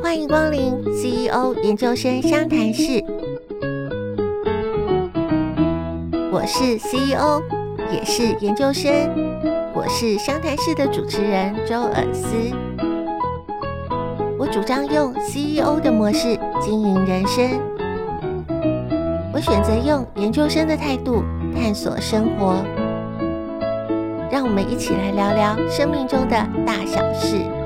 歡迎光臨 CEO 研究生相談室。我是 CEO，也是研究生。我是相談室的主持人周爾斯。我主張用 CEO 的模式經營人生。我選擇用研究生的態度，探索生活，讓我們一起來聊聊生命中的大小事。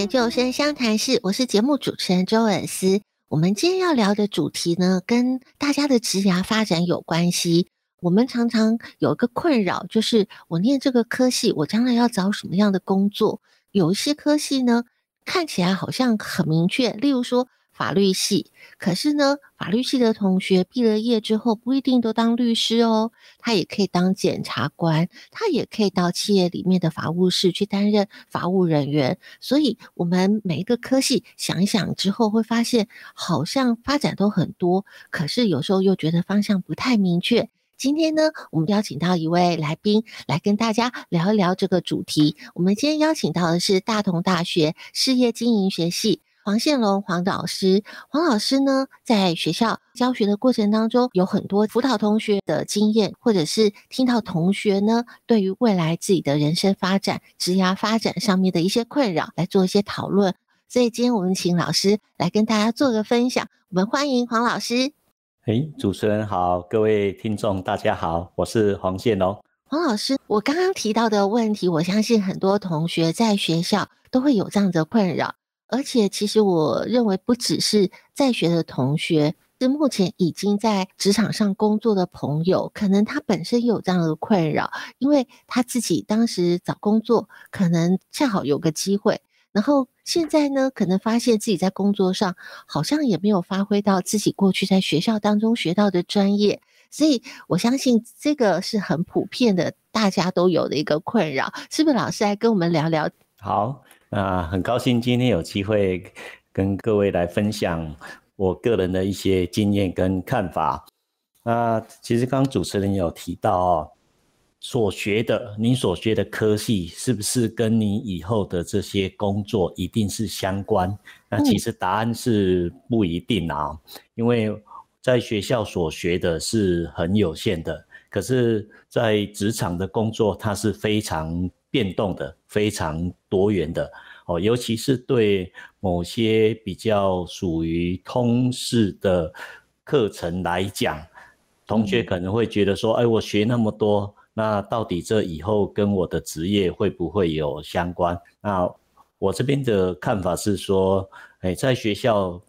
研究生相談室，我是節目主持人周爾思，我們今天要聊的主題呢，跟大家的職涯發展有關係。我們常常有一個困擾，就是我念這個科系，我將來要找什麼樣的工作？有一些科系呢，看起來好像很明確，例如說，法律系，可是呢，法律系的同學畢了業之後不一定都當律師哦，他也可以當檢察官，他也可以到企業裡面的法務室去擔任法務人員。所以，我們每一個科系想一想之後，會發現好像發展都很多，可是有時候又覺得方向不太明確。今天呢，我們邀請到一位來賓來跟大家聊一聊這個主題。我們今天邀請到的是大同大學事業經營學系。黃憲隆，黃老師，黃老師呢，在學校教學的過程當中，有很多輔導同學的經驗，或者是聽到同學呢，對於未來自己的人生發展、職業發展上面的一些困擾，來做一些討論。所以，今天我們請老師來跟大家做個分享。我們歡迎黃老師。哎、欸，主持人好，各位聽眾大家好，我是黃憲隆，黃老師。我剛剛提到的問題，我相信很多同學在學校都會有這樣的困擾。而且，其實我認為不只是在學的同學，是目前已經在職場上工作的朋友，可能他本身有這樣的困擾，因為他自己當時找工作可能恰好有個機會，然後現在呢，可能發現自己在工作上好像也沒有發揮到自己過去在學校當中學到的專業，所以我相信這個是很普遍的，大家都有的一個困擾，是不是？老師來跟我們聊聊。好。啊，很高興今天有機會跟各位來分享我個人的一些經驗跟看法。啊，其實剛剛主持人有提到哦，所學的你所學的科系是不是跟你以後的這些工作一定是相關？那其實答案是不一定啊，嗯、因為在學校所學的是很有限的，可是，在職場的工作它是非常。變動的非常多元的哦，尤其是對某些比較屬於通識的課程來講，同學可能會覺得說：“嗯、哎，我學那麼多，那到底這以後跟我的職業會不會有相關？”那我這邊的看法是說：“哎，在學校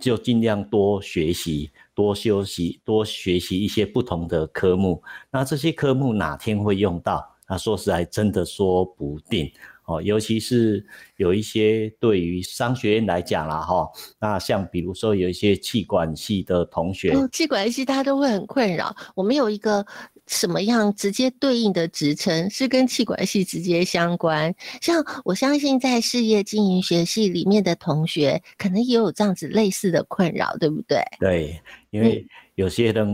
就盡量多學習、多休息、多學習一些不同的科目。那這些科目哪天會用到？”那說實在，真的說不定哦，尤其是有一些對於商學院來講啦，哈，那像比如說有一些企管系的同學，嗯，企管系大家都會很困擾，我們有一個什麼樣直接對應的職稱是跟企管系直接相關，像我相信在事業經營學系裡面的同學，可能也有這樣子類似的困擾，對不對？對，因為、嗯。有些人，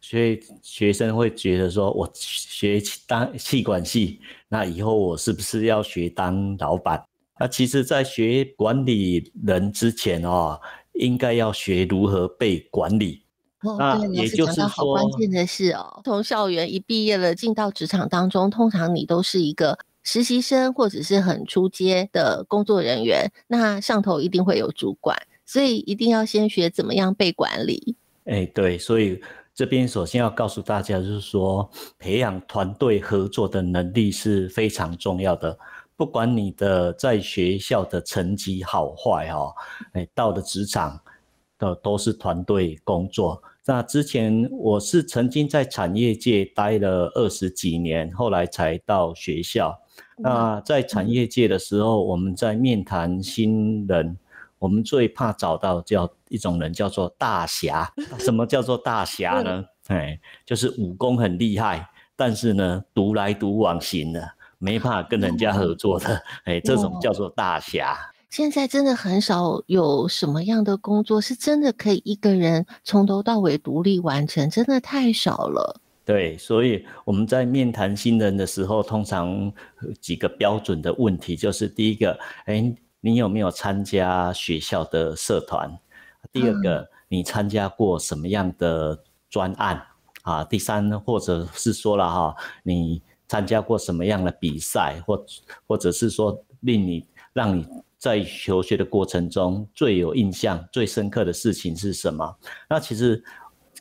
所以學生會覺得說，我學當企管系，那以後我是不是要學當老闆？那其實，在學管理人之前哦，應該要學如何被管理。哦、那也就是說，哦、是講到好關鍵的是哦，從校園一畢業了，進到職場當中，通常你都是一個實習生或者是很初階的工作人員，那上頭一定會有主管，所以一定要先學怎麼樣被管理。哎，欸、對，所以這邊首先要告訴大家，就是說培養團隊合作的能力是非常重要的。不管你的在學校的成績好壞哦，哎，到了職場的都是團隊工作。那之前我是曾經在產業界待了二十幾年，後來才到學校。那在產業界的時候，我們在面談新人。我們最怕找到叫一種人，叫做大俠。 什麼叫做大俠呢？嗯哎。就是武功很厲害，但是呢，獨來獨往型的，沒辦法跟人家合作的。啊、哎，這種叫做大俠。現在真的很少有什麼樣的工作，是真的可以一個人從頭到尾獨立完成，真的太少了。對，所以我們在面談新人的時候，通常幾個標準的問題就是：第一個，哎你有沒有參加學校的社團？嗯、第二個，你參加過什麼樣的專案啊？第三，或者是說了哈，你參加過什麼樣的比賽，或者或者是說令你讓你在求學的過程中最有印象、最深刻的事情是什麼？那其實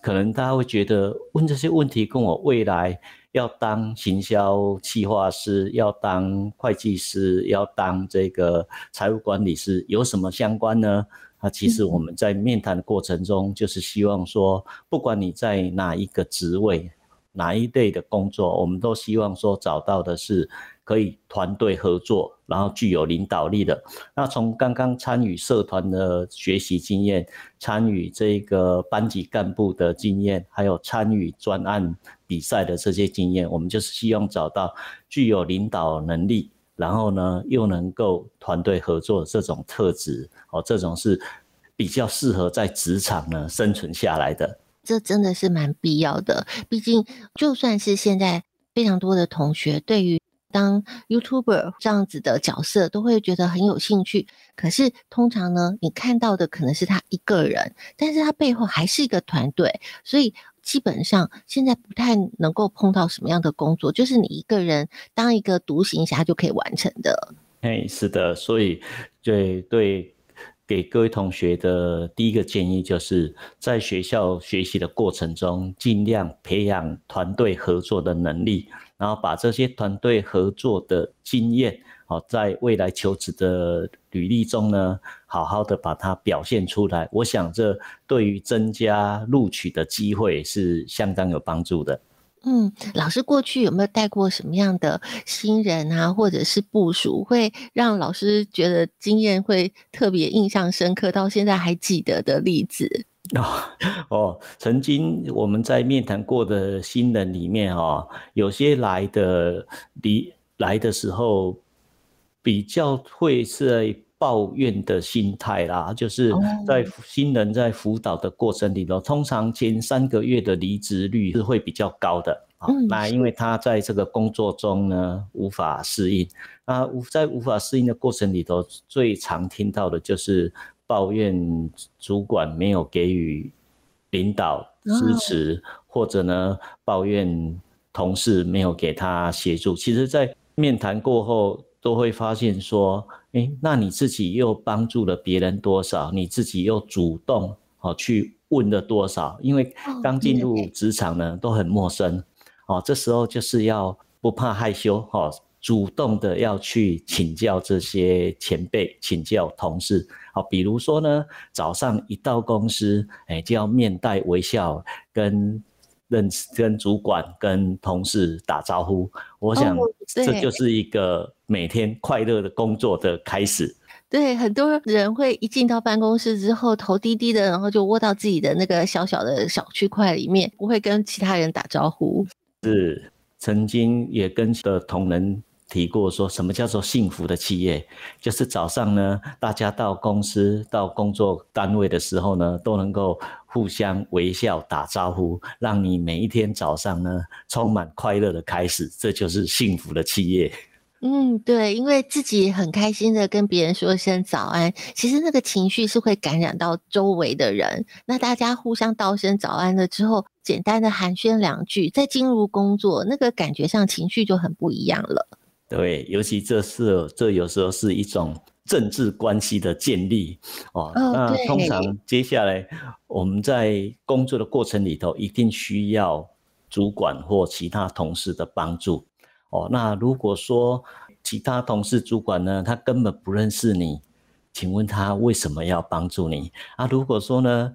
可能大家會覺得問這些問題跟我未來。要當行銷企劃師，要當會計師，要當這個財務管理師，有什麼相關呢？那，啊，其實我們在面談的過程中，就是希望說，不管你在哪一個職位，哪一類的工作，我們都希望說找到的是可以團隊合作，然後具有領導力的。那從剛剛參與社團的學習經驗，參與這個班級幹部的經驗，還有參與專案。比賽的這些經驗，我們就是希望找到具有領導能力，然後呢又能夠團隊合作的這種特質哦，這種是比較適合在職場呢生存下來的。這真的是蠻必要的，畢竟就算是現在非常多的同學對於當 YouTuber 這樣子的角色都會覺得很有興趣，可是通常呢，你看到的可能是他一個人，但是他背後還是一個團隊，所以。基本上現在不太能夠碰到什麼樣的工作，就是你一個人當一個獨行俠就可以完成的。哎，是的，所以對對，給各位同學的第一個建議就是在學校學習的過程中，盡量培養團隊合作的能力，然後把這些團隊合作的經驗，哦，在未來求職的履歷中呢。好好的把它表現出來，我想這對於增加錄取的機會是相當有幫助的。嗯，老師過去有沒有帶過什麼樣的新人啊，或者是部屬會讓老師覺得經驗會特別印象深刻到現在還記得的例子？哦哦，曾經我們在面談過的新人裡面，哦，有些來的離來的時候比較會是。抱怨的心態啦，就是在新人在輔導的過程裡頭，oh. 通常，前三個月的離職率是會比較高的。oh. 啊。那因為他在這個工作中呢，無法適應，啊無在無法適應的過程裡頭，最常聽到的就是抱怨主管沒有給予領導支持，oh. 或者呢抱怨同事沒有給他協助。其實，在面談過後都會發現說，欸，那你自己又幫助了別人多少？你自己又主動哦去問了多少？因為剛進入職場呢，都很陌生，哦，這時候就是要不怕害羞主動的要去請教這些前輩、請教同事。比如說呢，早上一到公司，就要面帶微笑跟。認識跟主管、跟同事打招呼，我想這就是一個每天快樂的工作的開始。Oh, 對。對，很多人會一進到辦公室之後，頭低低的，然後就窩到自己的那個小小的小區塊裡面，不會跟其他人打招呼。是，曾經也跟的同仁提過說什麼叫做幸福的企業，就是早上呢，大家到公司、到工作單位的時候呢，都能夠互相微笑打招呼，讓你每一天早上呢充滿快樂的開始，這就是幸福的企業。嗯，對，因為自己很開心的跟別人說聲早安，其實那個情緒是會感染到周圍的人。那大家互相道聲早安了之後，簡單的寒暄兩句，再進入工作，那個感覺上情緒就很不一樣了。對，尤其這是這有時候是一種政治關係的建立哦。Oh, 那通常接下來我們在工作的過程裡頭，一定需要主管或其他同事的幫助哦。那如果說其他同事、主管呢，他根本不認識你，請問他為什麼要幫助你啊？如果說呢，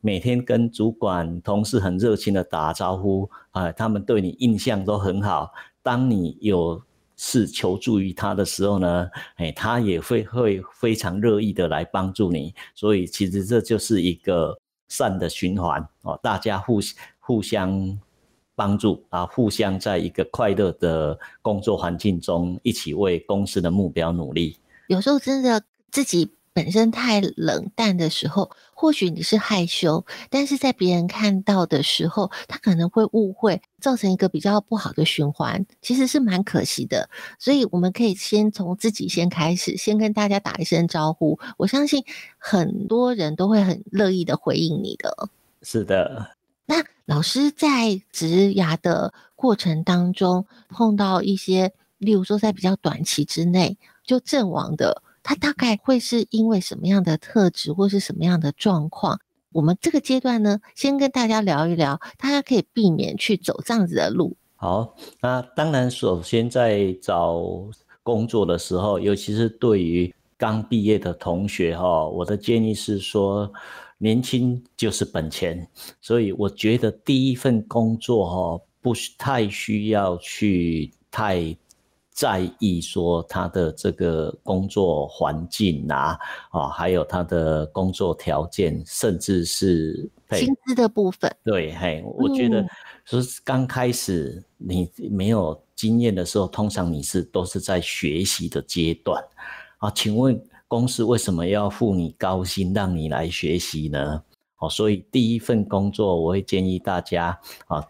每天跟主管、同事很熱情的打招呼，啊、哎，他們對你印象都很好，當你有。是求助於他的時候呢，哎，他也會會非常樂意的來幫助你，所以其實這就是一個善的循環哦，大家互互相幫助啊，互相在一個快樂的工作環境中，一起為公司的目標努力。有時候真的自己本身太冷淡的時候。或許你是害羞，但是在別人看到的時候，他可能會誤會，造成一個比較不好的循環，其實是蠻可惜的。所以我們可以先從自己先開始，先跟大家打一聲招呼。我相信很多人都會很樂意的回應你的。是的。那老師在職涯的過程當中，碰到一些，例如說在比較短期之內就陣亡的。他大概會是因為什麼樣的特質，或是什麼樣的狀況？我們這個階段呢，先跟大家聊一聊，大家可以避免去走這樣子的路。好，那當然，首先在找工作的時候，尤其是對於剛畢業的同學哈，我的建議是說，年輕就是本錢，所以我覺得第一份工作哈，不太需要去太。在意說他的這個工作環境啊，啊，還有他的工作條件，甚至是薪資的部分。對，嘿，我覺得說剛開始你沒有經驗的時候，嗯、通常你是都是在學習的階段啊。請問公司為什麼要付你高薪讓你來學習呢？哦、啊，所以第一份工作，我會建議大家啊，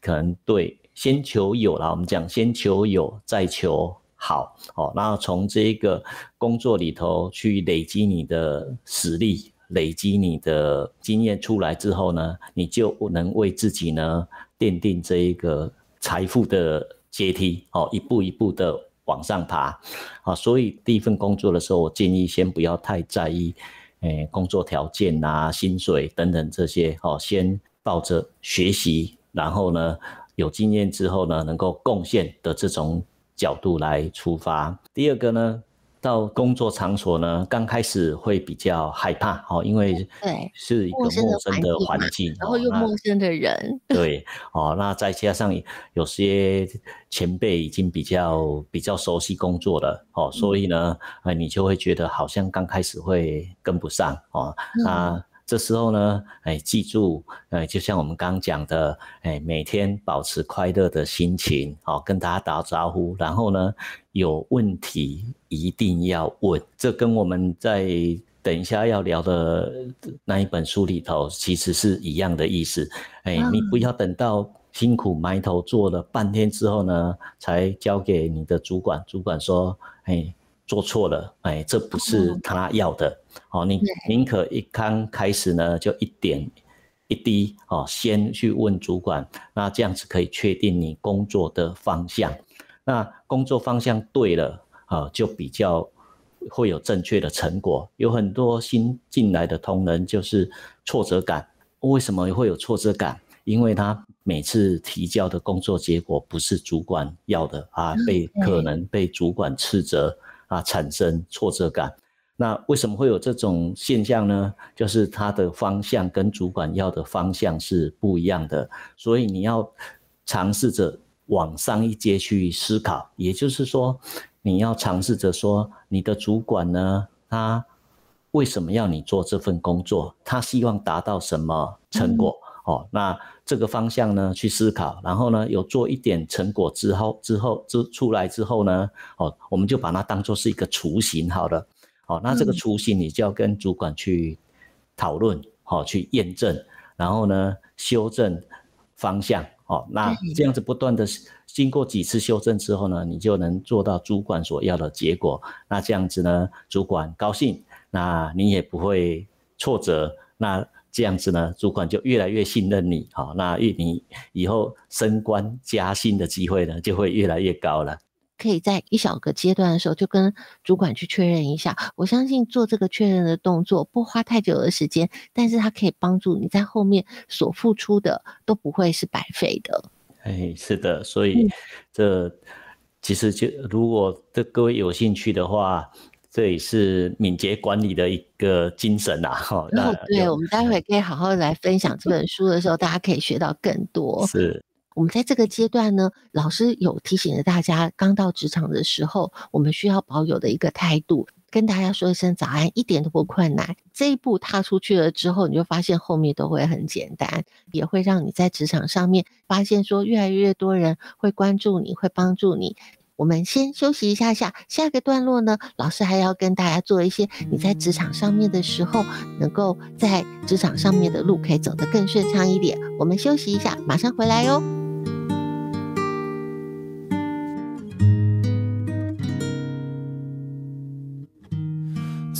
可能對。先求有了，我們講先求有，再求好哦。那從這一個工作裡頭去累積你的實力，累積你的經驗出來之後呢，你就能為自己呢奠定這一個財富的階梯哦，一步一步的往上爬。好，所以第一份工作的時候，我建議先不要太在意，哎，工作條件啊、薪水、等等這些哦，先抱着學習，然後呢。有經驗之後呢，能夠貢獻的這種角度來出發。第二個呢，到工作場所呢，剛開始會比較害怕哦，因為對是一個陌生的環境，陌生的環境嘛，然後又陌生的人，對哦，那再加上有些前輩已經比較比較熟悉工作了哦，嗯、所以呢，你就會覺得好像剛開始會跟不上哦、嗯、那這時候呢，哎，記住，哎，就像我們剛講的，哎，每天保持快樂的心情，好、哦，跟大家打招呼。然後呢，有問題一定要問，這跟我們在等一下要聊的那一本書裡頭其實是一樣的意思。哎，嗯、你不要等到辛苦埋頭做了半天之後呢，才交給你的主管，主管說，哎，做錯了，哎，這不是他要的。嗯。好，你寧可一剛開始呢，就一點一滴哦，先去問主管，那這樣子可以確定你工作的方向。那工作方向對了啊，就比較會有正確的成果。有很多新進來的同仁就是挫折感，為什麼會有挫折感？因為他每次提交的工作結果不是主管要的啊，被 Okay. 可能被主管斥責啊，產生挫折感。那為什麼會有這種現象呢？就是他的方向跟主管要的方向是不一樣的，所以你要嘗試着往上一階去思考，也就是說，你要嘗試着說你的主管呢，他為什麼要你做這份工作？他希望達到什麼成果？嗯、哦，那這個方向呢去思考，然後呢有做一點成果之後，之後之出來之後呢，哦，我們就把它當做是一個雛形，好了。好，那這個初心你就要跟主管去討論，好，去驗證，然後呢修正方向，好，那這樣子不斷的經過幾次修正之後呢，你就能做到主管所要的結果。那這樣子呢，主管高興，那你也不會挫折，那這樣子呢，主管就越來越信任你，好，那你以後升官加薪的機會呢，就會越來越高了。可以在一小個階段的時候就跟主管去確認一下。我相信做這個確認的動作不花太久的時間，但是它可以幫助你在後面所付出的都不會是白費的。哎，是的，所以這其實就如果這各位有興趣的話，這也是敏捷管理的一個精神吶。哈，那對我們待會可以好好來分享這本書的時候，大家可以學到更多。嗯、是。我們在這個階段呢，老師有提醒着大家，剛到職場的時候，我們需要保有的一個態度，跟大家說一聲早安，一點都不困難。這一步踏出去了之後，你就發現後面都會很簡單，也會讓你在職場上面發現說，越來越多人會關注你，會幫助你。我們先休息一下下，下個段落呢，老師還要跟大家做一些你在職場上面的時候，能夠在職場上面的路可以走得更順暢一點。我們休息一下，馬上回來喲。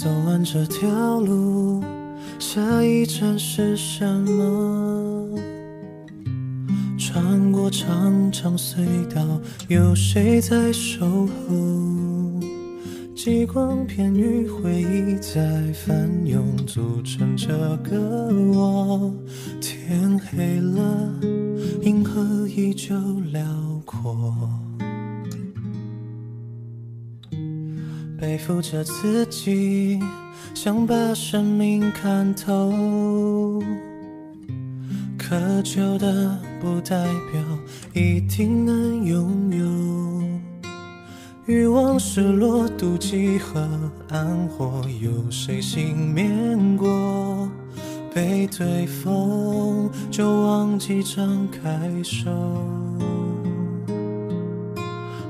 走完這條路，下一站是什麼？穿過長長隧道，有誰在守候？極光片羽，回憶在翻湧，組成這個我。天黑了，銀河依舊遼闊。背負着自己，想把生命看透。渴求的不代表一定能擁有。欲望、失落、妒忌和暗火，有誰幸免過？背對風就忘記張開手。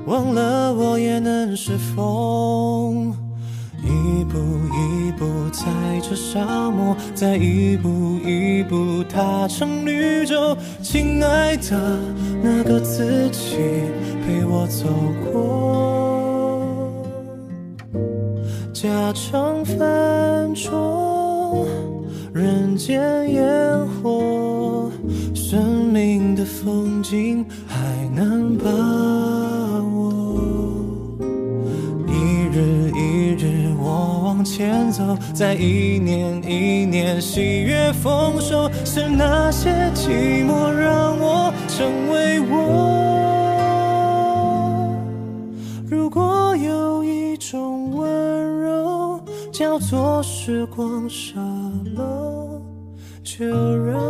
忘了我也能是風，一步一步踩着沙漠，再一步一步踏成綠洲。親愛的那個自己，陪我走過家常飯桌，人間煙火，生命的風景還能把。前走，在一年一年喜悅豐收，是那些寂寞讓我成為我。如果有一種溫柔叫做時光沙漏，就讓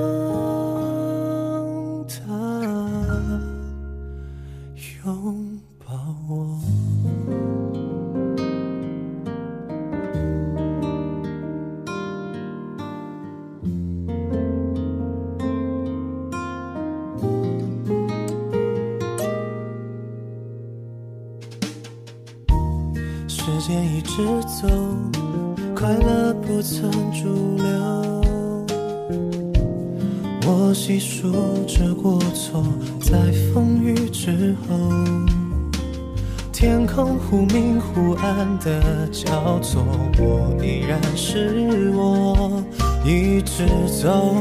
它永。時間一直走，快樂不曾駐留。我細數着過錯，在風雨之後，天空忽明忽暗的交錯，我依然是我。一直走，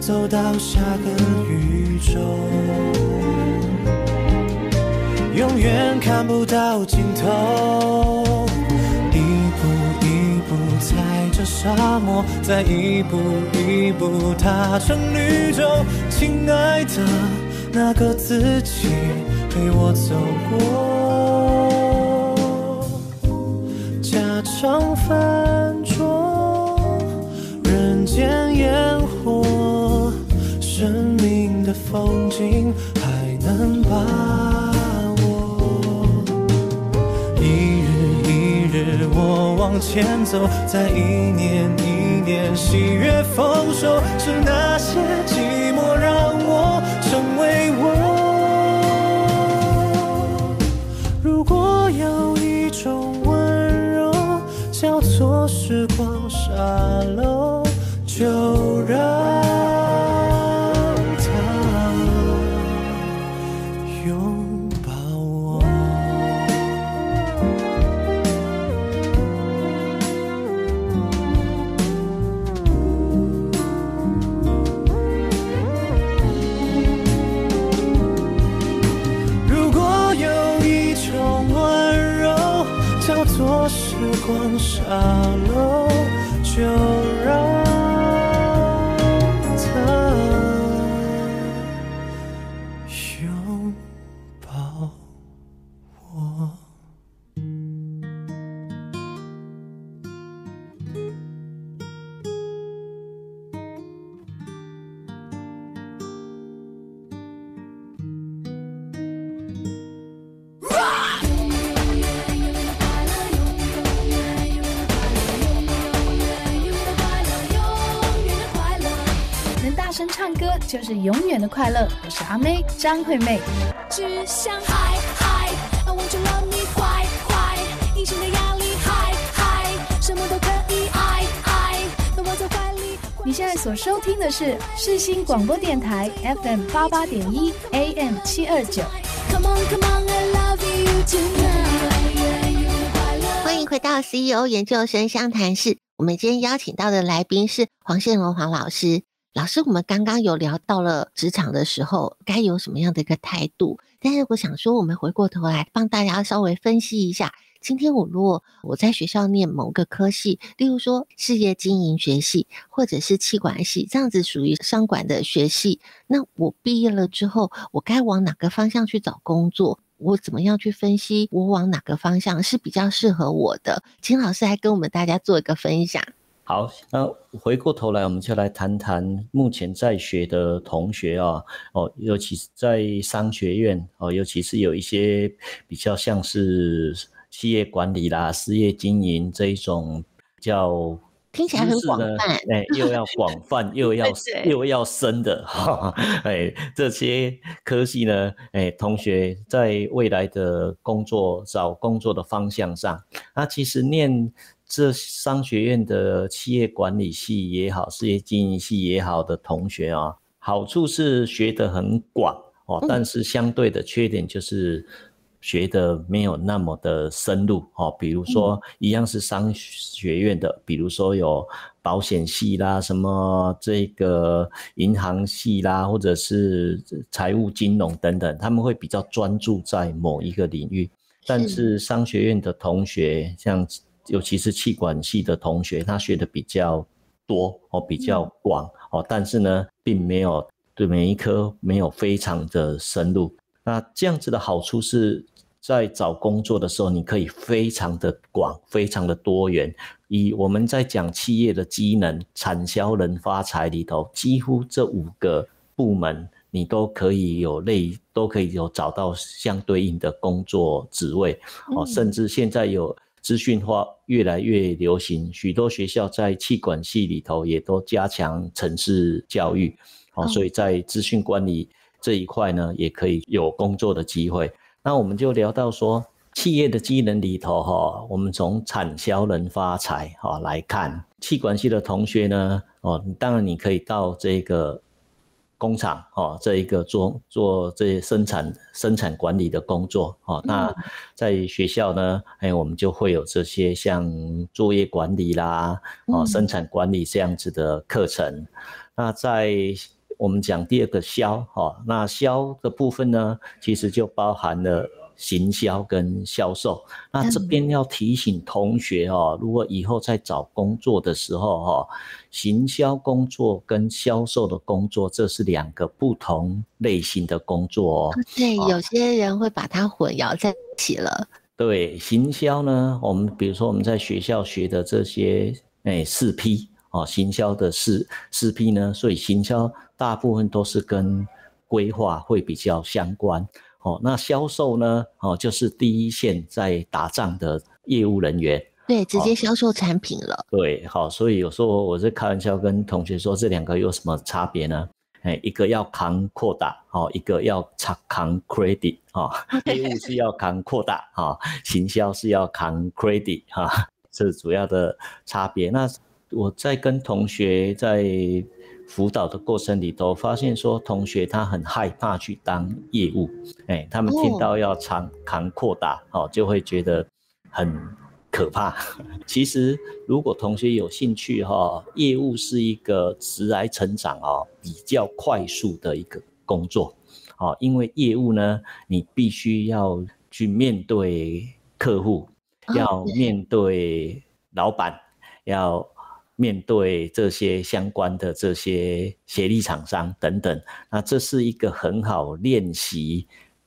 走到下個宇宙，永遠看不到盡頭。踩着沙漠，再一步一步踏成綠洲。親愛的那個自己，陪我走過家常飯桌，人間煙火，生命的風景。往前走，在一年一年喜悅豐收，是那些。擁抱。寶寶就是永遠的快樂，我是阿妹張惠妹。我快你現在所收聽的是世新廣播電臺 FM 八八點一1、啊、AM 七二九。歡迎回到 CEO 研究生相談室，我們今天邀請到的來賓是黃憲隆黃老師。老師，我們剛剛有聊到了職場的時候，該有什麼樣的一個態度？但是我想說，我們回過頭來幫大家稍微分析一下，今天我如果我在學校念某個科系，例如說事業經營學系，或者是企管系，這樣子屬於商管的學系，那我畢業了之後，我該往哪個方向去找工作？我怎麼樣去分析我往哪個方向是比較適合我的？請老師來跟我們大家做一個分享。好，那回過頭來，我們就來談談目前在學的同學啊，哦，尤其是在商學院哦，尤其是有一些比較像是企業管理啦、事業經營這一種，比較聽起來很廣泛，欸，又要廣泛， 又要 又要深的哈，欸，這些科系呢，欸，同學在未來的工作找工作的方向上，那其實念。這商學院的企業管理系也好，事業經營系也好的同學啊，好處是學得很廣哦，嗯、但是相對的缺點就是學得沒有那麼的深入哦。比如說，一樣是商學院的，嗯、比如說有保險系啦，什麼這個銀行系啦，或者是財務金融等等，他們會比較專注在某一個領域。但是商學院的同學像。尤其是企管系的同學，他學的比較多哦，比較廣哦，嗯、但是呢，並沒有對每一科沒有非常的深入。那這樣子的好處是，在找工作的時候，你可以非常的廣，非常的多元。以我們在講企業的機能、產銷、人發財裡頭，幾乎這五個部門，你都可以有類，都可以有找到相對應的工作職位哦，嗯、甚至現在有。資訊化越來越流行，許多學校在企管系裡頭也都加強程式教育，啊，所以在資訊管理這一塊呢，也可以有工作的機會。那我們就聊到說，企業的機能裡頭，哈，我們從產銷人發財，哈來看，企管系的同學呢，哦，當然你可以到這個。工廠哦，這一個做做這些生產生產管理的工作哦，那在學校呢，嗯、哎，我們就會有這些像作業管理啦、哦生產管理這樣子的課程。嗯、那在我們講第二個銷哦，那銷的部分呢，其實就包含了。行銷跟銷售，那這邊要提醒同學哦，如果以後在找工作的時候哦，行銷工作跟銷售的工作，這是兩個不同類型的工作哦。對，有些人會把它混淆在一起了。哦、對，行銷呢，我們比如說我們在學校學的這些，哎、欸，四 P 哦，行銷的四四 P 呢，所以行銷大部分都是跟規劃會比較相關。哦，那銷售呢？哦，就是第一線在打仗的業務人員。對，直接銷售產品了。哦、對，好、哦，所以有時候我在開玩笑跟同學說，這兩個有什麼差別呢、欸？一個要扛 quota，哦，一個要扛扛 credit，哦， 業務是要扛 quota，哦，行銷是要扛 credit，哈、啊，這是主要的差別。那我在跟同學在。輔導的過程裡頭，發現說同學他很害怕去當業務，哎、oh. 欸，他們聽到要長扛擴大，哦、喔，就會覺得很可怕。 其實如果同學有興趣哈、喔，業務是一個直來成長哦、喔，比較快速的一個工作，哦、喔，因為業務呢，你必須要去面對客戶，oh. 要面對老闆，要。面對這些相關的這些協力廠商等等，那這是一個很好練習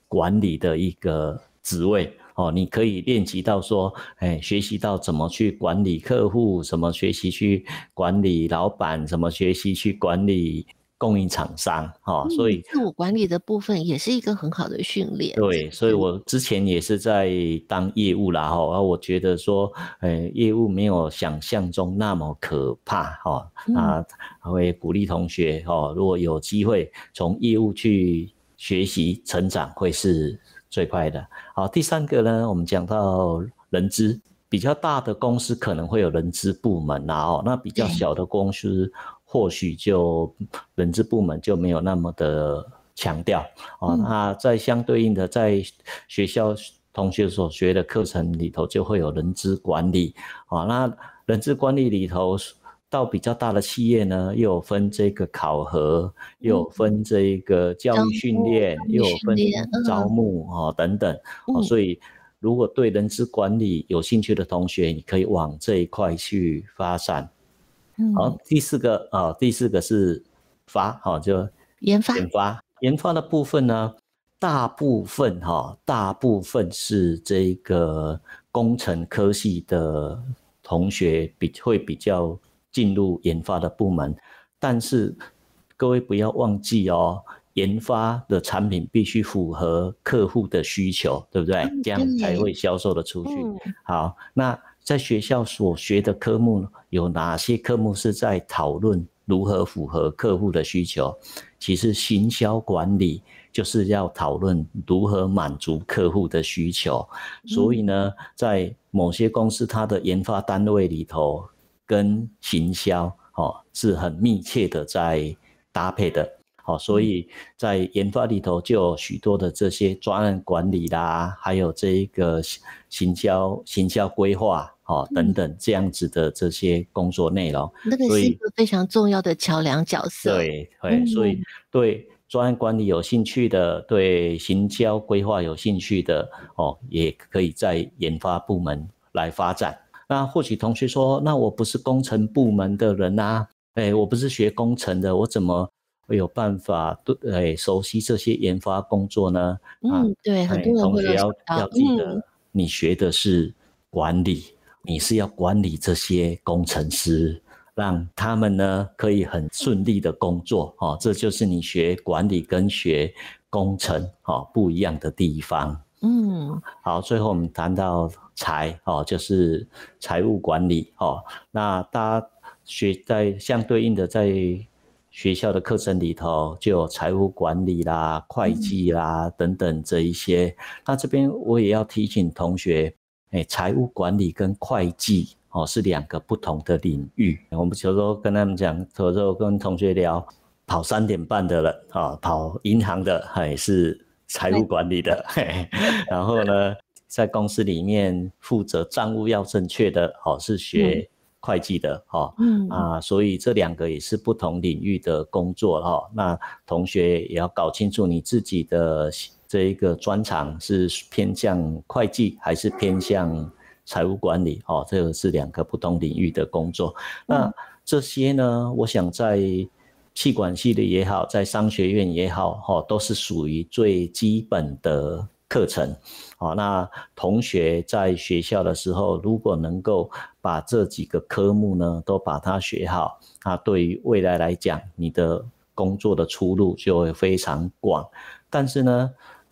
管理的一個職位哦。你可以練習到說，哎，學習到怎麼去管理客戶，什麼學習去管理老板，什麼學習去管理。供應廠商哈、嗯哦，所以自我管理的部分也是一個很好的訓練。對，嗯、所以我之前也是在當業務啦哈、哦，我覺得說，哎、呃，業務沒有想象中那麼可怕哈。哦嗯、啊，會鼓勵同學哈、哦，如果有機會從業務去學習成長，會是最快的。好、哦，第三個呢，我們講到人資，比較大的公司可能會有人資部門吶哦，那比較小的公司、嗯。或許就人資部門就沒有那麼的強調啊，嗯、那在相對應的，在學校同學所學的課程裡頭，就會有人資管理啊，那人資管理裡頭，到比較大的企業呢，又有分這個考核，又有分這個教育訓練，又有分招募啊等等、啊。所以，如果對人資管理有興趣的同學，你可以往這一塊去發展。嗯、好，第四個啊、哦，第四個是發，好、哦、就研發研發研發的部分呢，大部分哈、哦，大部分是這個工程科系的同學比會比較進入研發的部門，但是各位不要忘記哦，研發的產品必須符合客戶的需求，對不對？嗯、對，這樣才會銷售的出去。嗯、好，那。在學校所學的科目有哪些科目是在討論如何符合客戶的需求？其實行銷管理就是要討論如何滿足客戶的需求。所以呢，在某些公司，它的研發單位裡頭跟行銷哦是很密切的在搭配的。好，所以在研發裡頭就有許多的這些專案管理啦，還有這一個行銷行銷規劃。哦，等等，這樣子的這些工作內容，嗯、所以，那個是一個非常重要的橋樑角色。對，對，嗯、所以對專案管理有興趣的，對行銷規劃有興趣的，哦，也可以在研發部門來發展。那或許同學說，那我不是工程部門的人啊，哎、欸，我不是學工程的，我怎麼會有辦法對，哎、欸，熟悉這些研發工作呢？嗯，對，啊、很多人會同學要、哦嗯、要記得，你學的是管理。你是要管理這些工程師，讓他們呢可以很順利的工作，哦，這就是你學管理跟學工程，哦不一樣的地方。嗯，好，最後我們談到財，哦，就是財務管理，哦，那大家學在相對應的在學校的課程裡頭，就有財務管理啦、會計啦、嗯、等等這一些。那這邊我也要提醒同學。哎，財務管理跟會計哦是兩個不同的領域。我們小時候跟他們講，小時候跟同學聊，跑三點半的了、哦、跑銀行的還是財務管理的。對嘿然後呢，對在公司裡面負責賬務要正確的、哦、是學會計的嗯、哦、嗯啊，所以這兩個也是不同領域的工作哈、哦。那同學也要搞清楚你自己的。這一個專長是偏向會計還是偏向財務管理？哦，這個是兩個不同領域的工作。那這些呢，我想在，企管系的也好，在商學院也好，哈，都是屬於最基本的課程。哦，那同學在學校的時候，如果能夠把這幾個科目呢都把它學好，那對於未來來講，你的工作的出路就會非常廣。但是呢，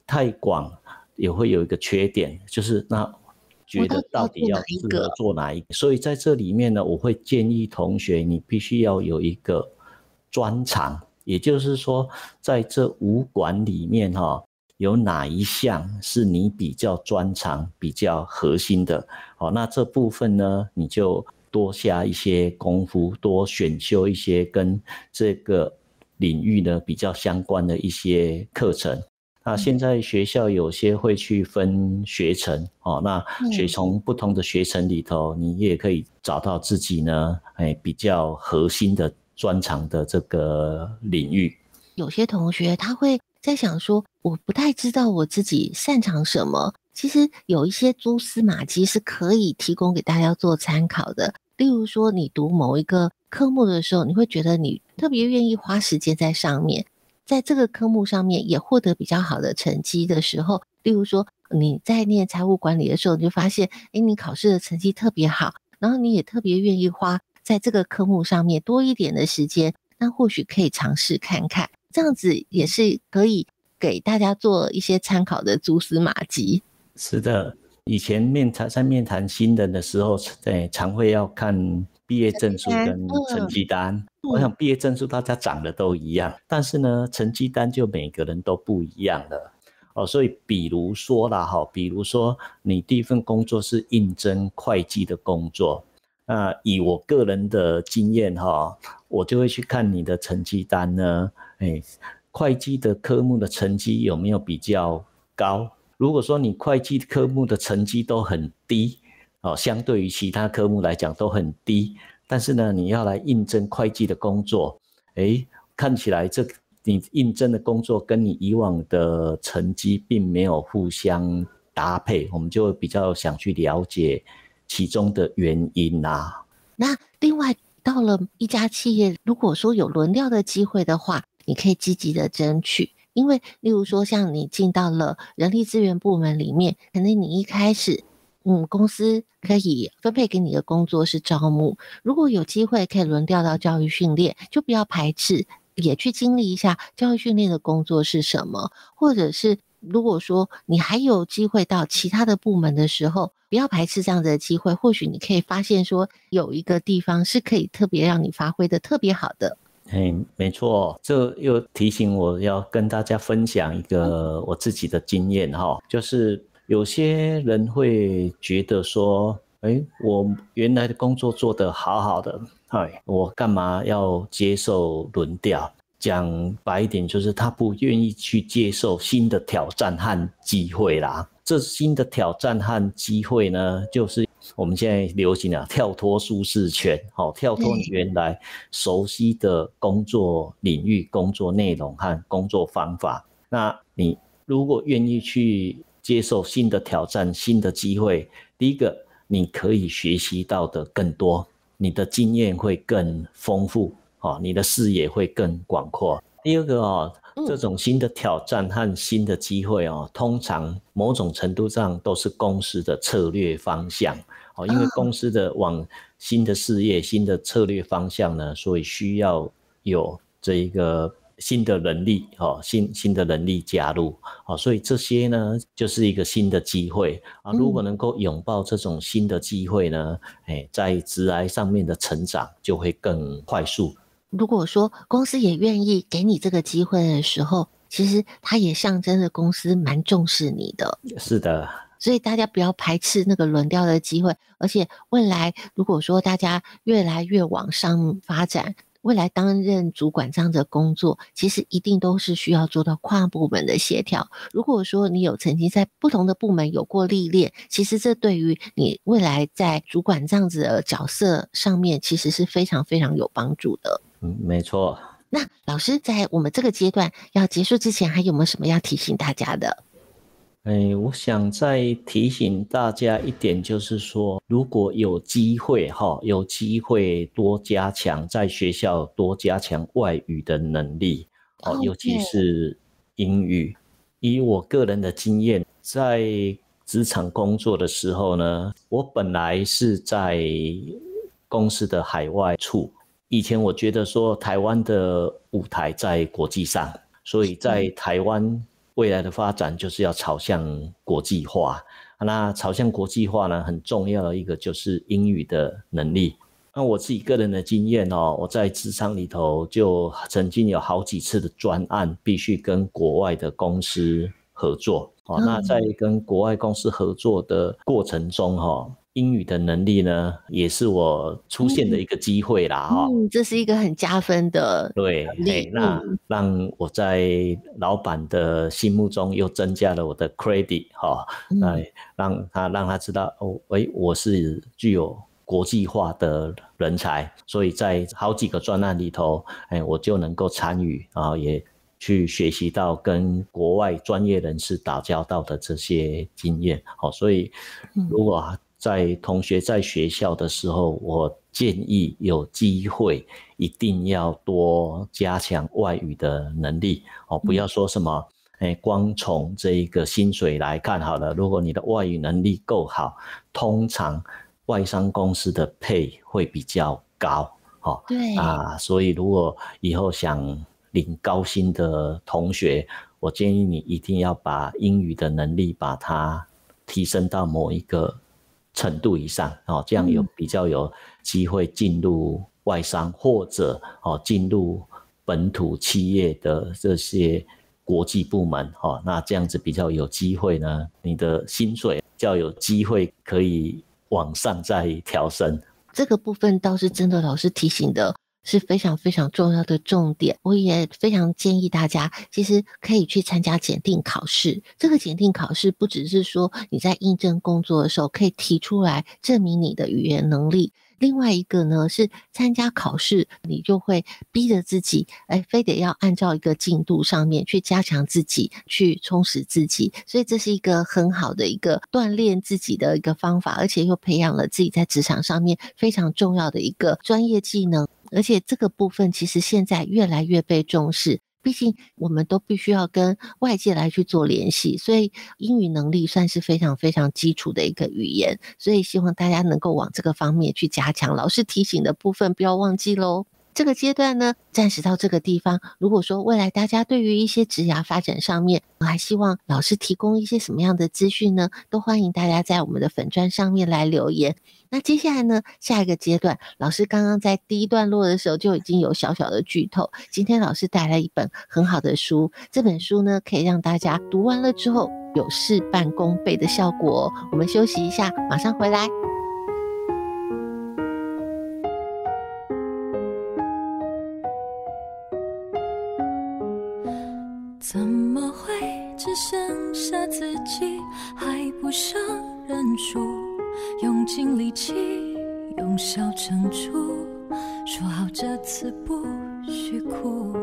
太廣也會有一個缺點，就是那覺得到底要適合做哪一個？所以在這裡面呢，我會建議同學，你必須要有一個專長，也就是說，在這五管裡面哈、喔，有哪一項是你比較專長、比較核心的？好，那這部分呢，你就多下一些功夫，多選修一些跟這個領域呢比較相關的一些課程。那現在學校有些會去分學程哦，那所以從不同的學程裡頭，你也可以找到自己呢，哎比較核心的專長的這個領域。有些同學他會在想說，我不太知道我自己擅長什麼。其實有一些蛛絲馬跡是可以提供給大家做參考的。例如說，你讀某一個科目的時候，你會覺得你特別願意花時間在上面。在這個科目上面也獲得比較好的成績的時候，例如說你在念財務管理的時候，你就發現，哎，你考試的成績特別好，然後你也特別願意花在這個科目上面多一點的時間，那或許可以嘗試看看，這樣子也是可以給大家做一些參考的蛛絲馬跡。是的，以前面談在面談新人的時候，在常會要看。畢業證書跟成績單，嗯嗯、我想畢業證書大家長得都一樣，但是呢，成績單就每個人都不一樣了。哦，所以比如說啦，哈，比如說你第一份工作是應徵會計的工作，那以我個人的經驗，哈，我就會去看你的成績單呢。哎，會計的科目的成績有沒有比較高？如果說你會計科目的成績都很低，哦，相對於其他科目來講都很低，但是呢，你要來應徵會計的工作，哎，看起來這你應徵的工作跟你以往的成績並沒有互相搭配，我們就會比較想去了解其中的原因啊。那另外到了一家企業，如果說有輪調的機會的話，你可以積極的爭取，因為例如說像你進到了人力資源部門裡面，可能你一開始。嗯，公司可以分配給你的工作是招募。如果有機會可以輪調到教育訓練，就不要排斥，也去經歷一下教育訓練的工作是什麼。或者是如果說你還有機會到其他的部門的時候，不要排斥這樣子的機會。或許你可以發現說有一個地方是可以特別讓你發揮的特別好的。嘿，沒錯，這又提醒我要跟大家分享一個我自己的經驗哈，就是、嗯。嗯有些人會覺得說：“欸，誒，我原來的工作做得好好的，我幹嘛要接受輪調？”講白一點，就是他不願意去接受新的挑戰和機會啦。這新的挑戰和機會呢，就是我們現在流行的跳脫舒適圈。好，跳脫你原來熟悉的工作領域、工作內容和工作方法。那你如果願意去，接受新的挑戰、新的機會。第一個，你可以學習到的更多，你的經驗會更豐富哦，你的視野會更廣闊。第二個哦、喔，這種新的挑戰和新的機會哦、喔，通常某種程度上都是公司的策略方向哦，因為公司的往新的事業、新的策略方向呢，所以需要有這一個。新的能力，哈、哦，新新的能力加入，啊、哦，所以這些呢，就是一個新的機會啊。如果能夠擁抱這種新的機會呢，誒、嗯欸，在職涯上面的成長就會更快速。如果說公司也願意給你這個機會的時候，其實它也象徵着公司蠻重視你的。是的，所以大家不要排斥那個輪調的機會，而且未來如果說大家越來越往上發展。未來擔任主管這樣的工作，其實一定都是需要做到跨部門的協調。如果說你有曾經在不同的部門有過歷練，其實這對於你未來在主管這樣子的角色上面，其實是非常非常有幫助的。嗯，沒錯。那老師，在我們這個階段要結束之前，還有沒有什麼要提醒大家的？哎，我想再提醒大家一點，就是說，如果有機會哈，哦，有機會多加強在學校多加強外語的能力，哦，尤其是英語。Okay. 以我個人的經驗，在職場工作的時候呢，我本來是在公司的海外處。以前我覺得說台灣的舞台在國際上，所以在台灣，嗯。未來的發展就是要朝向國際化，那朝向國際化呢，很重要的一個就是英語的能力。那我自己個人的經驗哦，我在職場裡頭就曾經有好幾次的專案必須跟國外的公司合作，好、嗯，那在跟國外公司合作的過程中、哦，哈。英語的能力呢，也是我出現的一個機會啦、哦，哈、嗯，這是一個很加分的，對，那讓我在老闆的心目中又增加了我的 credit，哈、哦，哎、嗯，讓他讓他知道，哦，哎、欸，我是具有國際化的人才，所以在好幾個專案裡頭，哎，我就能夠參與，然後也去學習到跟國外專業人士打交道的這些經驗，好、哦，所以如果、啊。嗯在同學在學校的時候，我建議有機會一定要多加強外語的能力哦。不要說什麼，欸、光從這一個薪水來看，好了，如果你的外語能力夠好，通常外商公司的 pay 會比較高，哈、哦。對啊，所以如果以後想領高薪的同學，我建議你一定要把英語的能力把它提升到某一個。程度以上哦，這樣有比較有機會進入外商、嗯、或者哦進入本土企業的這些國際部門哦，那這樣子比較有機會呢，你的薪水比較有機會可以往上再調升。這個部分倒是真的，老師提醒的。是非常非常重要的重點，我也非常建議大家，其實可以去參加檢定考試。這個檢定考試不只是說你在應徵工作的時候可以提出來證明你的語言能力，另外一個呢是參加考試，你就會逼着自己，哎，非得要按照一個進度上面去加強自己，去充實自己，所以這是一個很好的一個鍛鍊自己的一個方法，而且又培養了自己在職場上面非常重要的一個專業技能。而且這個部分其實現在越來越被重視，畢竟我們都必須要跟外界來去做聯繫，所以英語能力算是非常非常基礎的一個語言，所以希望大家能夠往這個方面去加強。老師提醒的部分不要忘記嘍。這個階段呢，暫時到這個地方。如果說未來大家對於一些職涯發展上面，我還希望老師提供一些什麼樣的資訊呢？都歡迎大家在我們的粉專上面來留言。那接下來呢，下一個階段，老師剛剛在第一段落的時候就已經有小小的劇透。今天老師帶來一本很好的書，這本書呢，可以讓大家讀完了之後有事半功倍的效果哦。我們休息一下，馬上回來。只剩下自己，還不想認輸，用盡力氣，用笑撐住，說好這次不許哭，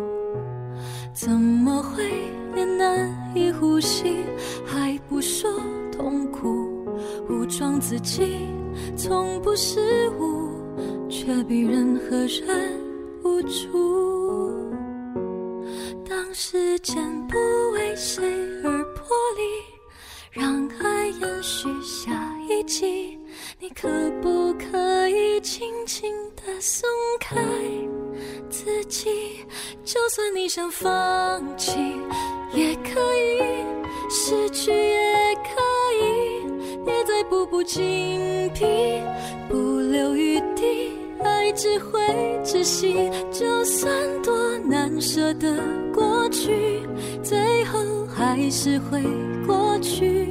怎麼會也難以呼吸，還不說痛苦，武裝自己，從不失誤，卻比任何人無助。當時間不為誰而破例，讓愛延續下一季。你可不可以輕輕地鬆開自己？就算你想放棄，也可以失去，也可以，別再步步緊逼，不留餘地。只會窒息。就算多難捨的過去，最後還是會過去。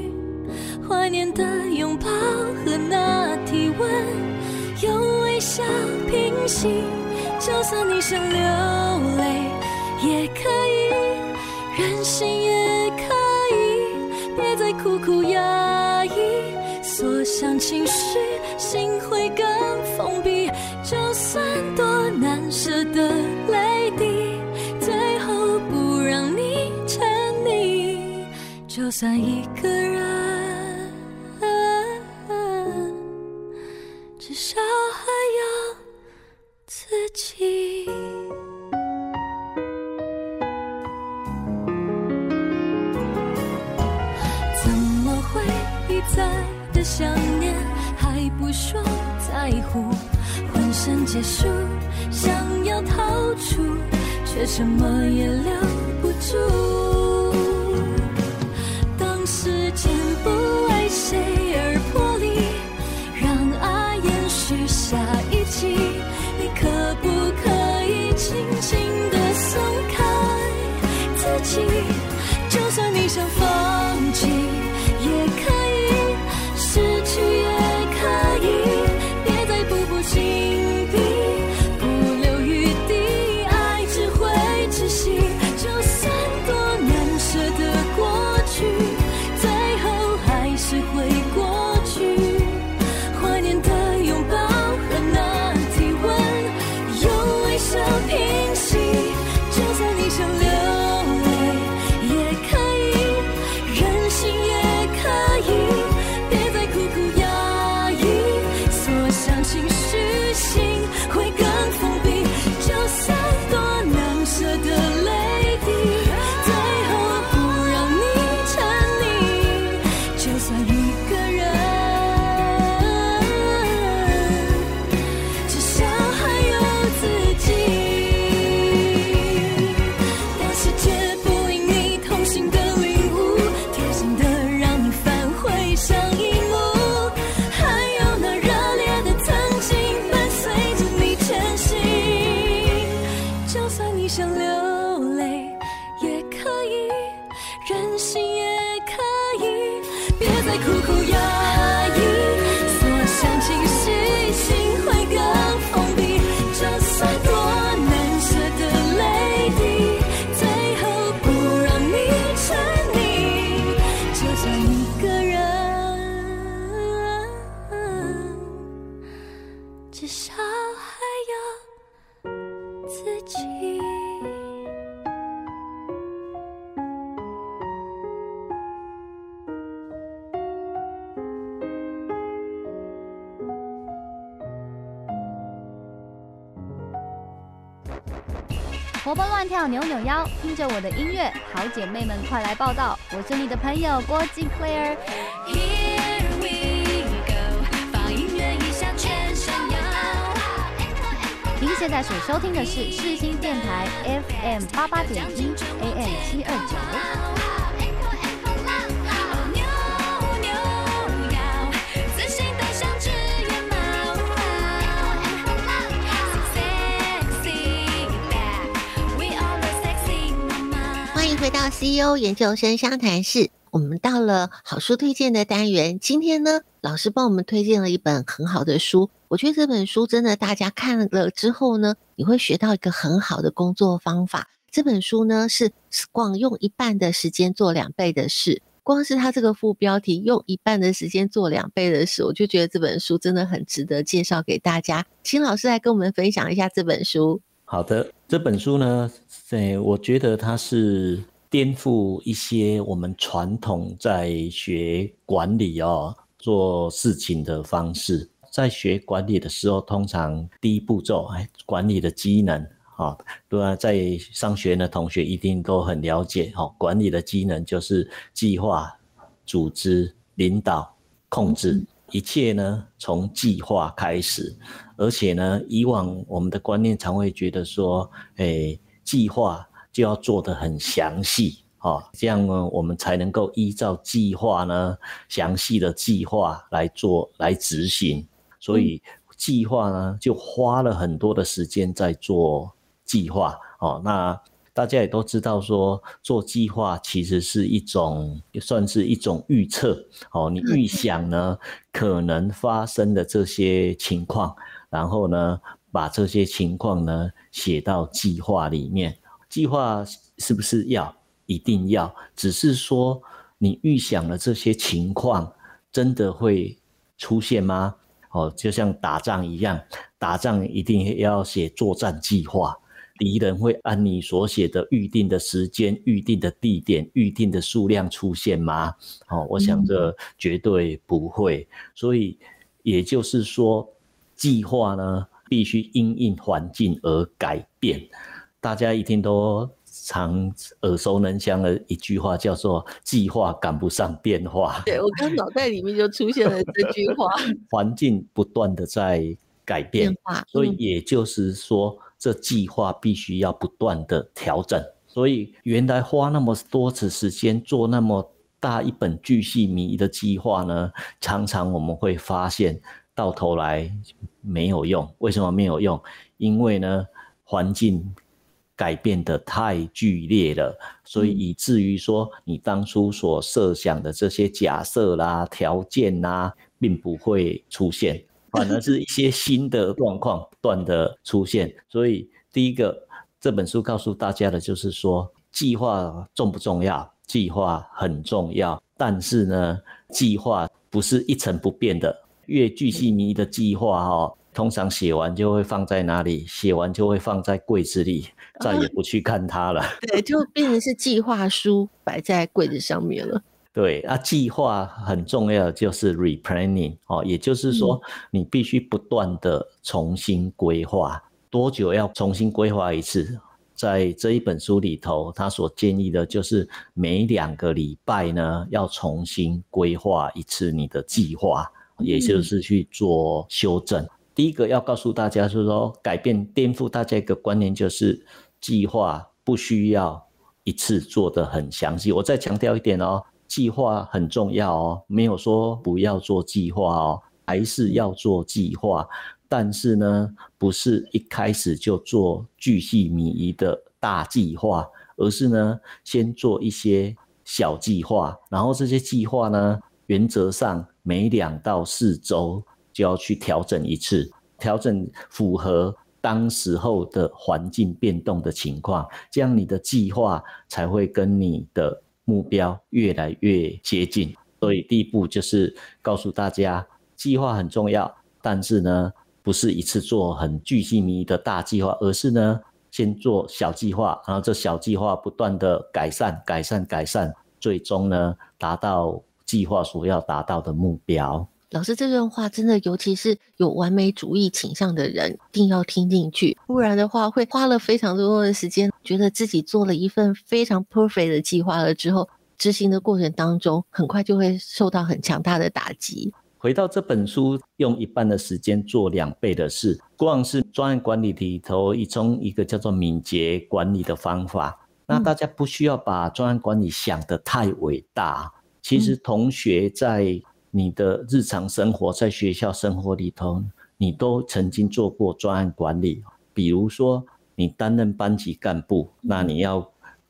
懷念的擁抱和那體溫，用微笑平息。就算你想流淚，也可以，任性也可以，別再苦苦壓抑所想情緒，心會更封閉。就算一個人，至少還有自己。怎麼會一再的想念，還不說在乎？渾身解數，想要逃出，卻什麼也留不住。時間不為誰而破例，讓愛延續下一季。扭扭腰，聽着我的音樂，好姐妹們快來報到！我是你的朋友郭靜 Claire。您現在所收聽的是世新電台 FM 八八點一 AM 七二九。歡迎回到 CEO 研究生相談室。我們到了好書推薦的單元。今天呢，老師幫我們推薦了一本很好的書。我覺得這本書真的，大家看了之後呢，你會學到一個很好的工作方法。這本書呢，是 SCRUM，用一半的時間做兩倍的事。光是它這個副標題“用一半的時間做兩倍的事”，我就覺得這本書真的很值得介紹給大家。請老師來跟我們分享一下這本書。好的，這本書呢，哎，我覺得它是顛覆一些我們傳統在學管理哦，做事情的方式。在學管理的時候，通常第一步驟，哎，管理的機能，啊、哦，對啊，在上學的同學一定都很了解，哈、哦，管理的機能就是計劃、組織、領導、控制，一切呢，從計劃開始。而且呢，以往我們的觀念常會覺得說，欸，計劃就要做得很詳細，哦，這樣呢，我們才能夠依照計劃呢，詳細的計劃來做，來執行。所以，計劃呢，就花了很多的時間在做計劃，哦，那大家也都知道說，做計劃其實是一種，也算是一種預測，哦，你預想呢，可能發生的這些情況。然後呢，把這些情況呢，寫到計劃裡面。計劃是不是要一定要？只是說你預想了這些情況，真的會出現嗎？哦，就像打仗一樣，打仗一定要寫作戰計劃。敵人會按你所寫的預定的時間、預定的地點、預定的數量出現嗎？哦，我想這絕對不會。嗯。所以，也就是說。計劃呢，必須因應環境而改變。大家一定都常耳熟能詳的一句話，叫做“計劃趕不上變化”對。對我剛腦袋裡面 就出現了這句話。環境不斷地在改變，變、嗯、所以也就是說，這計劃必須要不斷地調整。所以原來花那麼多次時間做那麼大一本巨細靡遺的計劃呢，常常我們會發現。到頭來沒有用，為什麼沒有用？因為呢，環境改變得太劇烈了，所以以至於說你當初所設想的這些假設啦、條件啦，並不會出現，反而是一些新的狀況不斷的出現。所以，第一個這本書告訴大家的就是說，計劃重不重要？計劃很重要，但是呢，計劃不是一成不變的。越巨細靡遺的計劃、哦嗯、通常寫完就會放在哪裡？寫完就會放在櫃子裡，啊、再也不去看它了。對，就變成是計劃書擺在櫃子上面了。 對，那計劃很重要，就是 replanning 哦，也就是說，你必須不斷的重新規劃，嗯、多久要重新規劃一次？在這一本書裡頭，他所建議的就是每兩個禮拜呢，要重新規劃一次你的計劃。也就是去做修正。嗯、第一個要告訴大家，就是說改變顛覆大家一個觀念，就是計劃不需要一次做得很詳細。我再強調一點哦，計劃很重要哦、喔，沒有說不要做計劃哦，還是要做計劃。但是呢，不是一開始就做巨細靡遺的大計劃，而是呢，先做一些小計劃，然後這些計劃呢。原則上每兩到四周就要去調整一次，調整符合當時候的環境變動的情況，這樣你的計劃才會跟你的目標越來越接近。所以第一步就是告訴大家，計劃很重要，但是呢，不是一次做很巨細靡遺的大計劃，而是呢，先做小計劃，然後這小計劃不斷的改善、改善、改善，最終呢，達到。計劃所要達到的目標，老師這段話真的，尤其是有完美主義傾向的人，一定要聽進去，不然的話會花了非常多的時間，覺得自己做了一份非常 perfect 的計劃了之後，執行的過程當中，很快就會受到很強大的打擊。回到這本書，用一半的時間做兩倍的事，光是專案管理裡頭，一種一個叫做敏捷管理的方法，那大家不需要把專案管理想得太偉大。嗯其實，同學在你的日常生活、在學校生活裡頭，你都曾經做過專案管理。比如說，你擔任班級幹部，那你要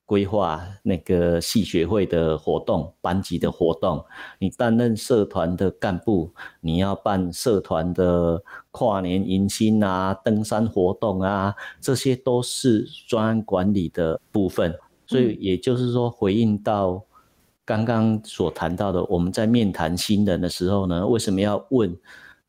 規劃那個系學會的活動、班級的活動；你擔任社團的幹部，你要辦社團的跨年迎新啊、登山活動啊，這些都是專案管理的部分。所以，也就是說，回應到，剛剛所談到的，我們在面談新人的時候呢，為什麼要問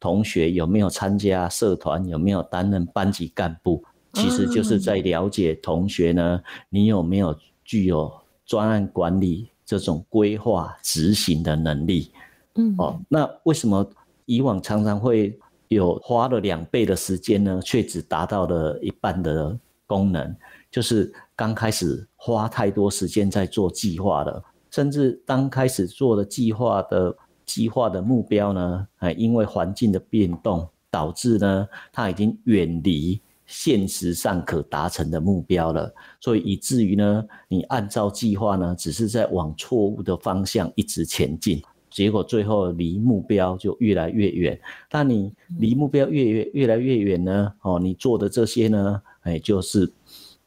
同學有沒有參加社團、有沒有擔任班級幹部？其實就是在了解同學呢，你有沒有具有專案管理這種規劃執行的能力。嗯，哦，那為什麼以往常常會有花了兩倍的時間呢，卻只達到了一半的功能？就是剛開始花太多時間在做計劃了。甚至當開始做的計劃的計劃的目標呢，哎，因為環境的變動導致呢，它已經遠離現實上可達成的目標了。所以以至於呢，你按照計劃呢，只是在往錯誤的方向一直前進，結果最後離目標就越來越遠。那你離目標越越越來越遠呢，哦，你做的這些呢，哎，就是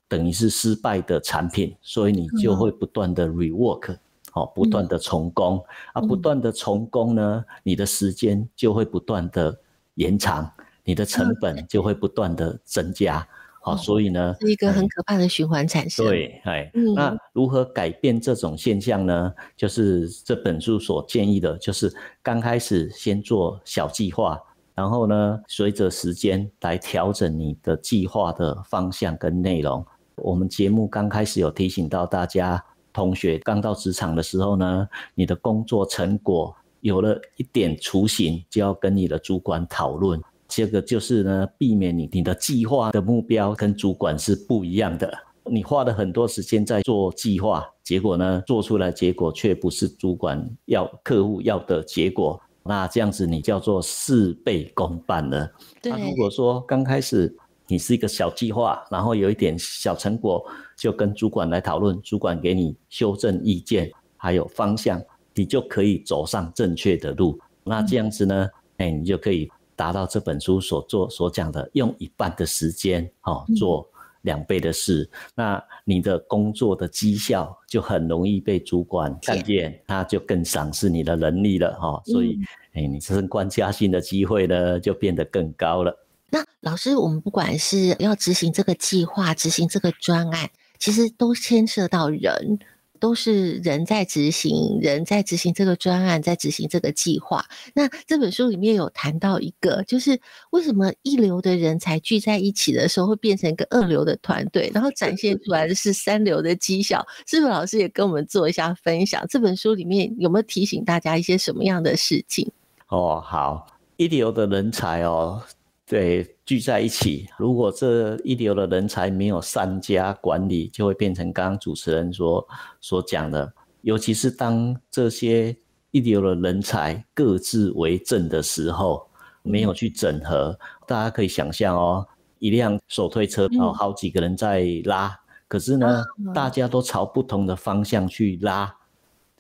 等於是失敗的產品，所以你就會不斷的 rework。哦、不斷的重工、嗯、啊，不斷的重工呢，嗯、你的時間就會不斷的延長，嗯、你的成本就會不斷的增加。好、嗯，哦、所以呢，是一個很可怕的循環產生、哎。對，哎嗯、那如何改變這種現象呢？就是這本書所建議的，就是剛開始先做小計劃，然後呢，隨着時間來調整你的計劃的方向跟內容。我們節目剛開始有提醒到大家。同學剛到職場的時候呢，你的工作成果有了一點雛形，就要跟你的主管討論。這個就是呢，避免你你的計劃的目標跟主管是不一樣的。你花了很多時間在做計劃，結果呢，做出來結果卻不是主管要、客戶要的結果。那這樣子你叫做事倍功半了。那對、啊、如果說剛開始。你是一個小計劃，然後有一點小成果，就跟主管來討論，主管給你修正意見，還有方向，你就可以走上正確的路。嗯、那這樣子呢，哎，你就可以達到這本書所做所講的，用一半的時間，哈，做兩倍的事，嗯、那你的工作的績效就很容易被主管看見，他就更賞識你的能力了，哈，所以，哎，你升官加薪的機會呢，就變得更高了。那老師，我們不管是要執行這個計劃，執行這個專案，其實都牽涉到人，都是人在執行，人在執行這個專案，在執行這個計劃。那這本書裡面有談到一個，就是為什麼一流的人才聚在一起的時候，會變成一個二流的團隊，然後展現出來的是三流的績效。嗯、是不是老師也跟我們做一下分享？這本書裡面有沒有提醒大家一些什麼樣的事情？哦，好，一流的人才哦。對，聚在一起。如果這一流的人才沒有善加管理，就會變成剛剛主持人說所講的。尤其是當這些一流的人才各自為政的時候，沒有去整合，嗯、大家可以想象哦，一輛手推車有好幾個人在拉，嗯、可是呢，嗯、大家都朝不同的方向去拉，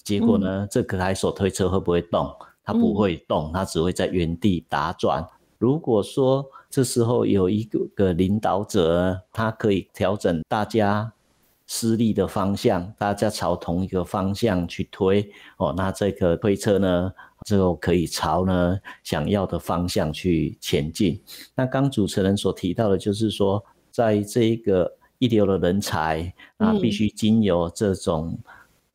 結果呢，嗯、這個台手推車會不會動？它不會動，嗯、它只會在原地打轉。如果說這時候有一個領導者，他可以調整大家私利的方向，大家朝同一個方向去推哦，那這個推車呢，就可以朝呢想要的方向去前進。那剛主持人所提到的，就是說，在這個一流的人才，那必須經由這種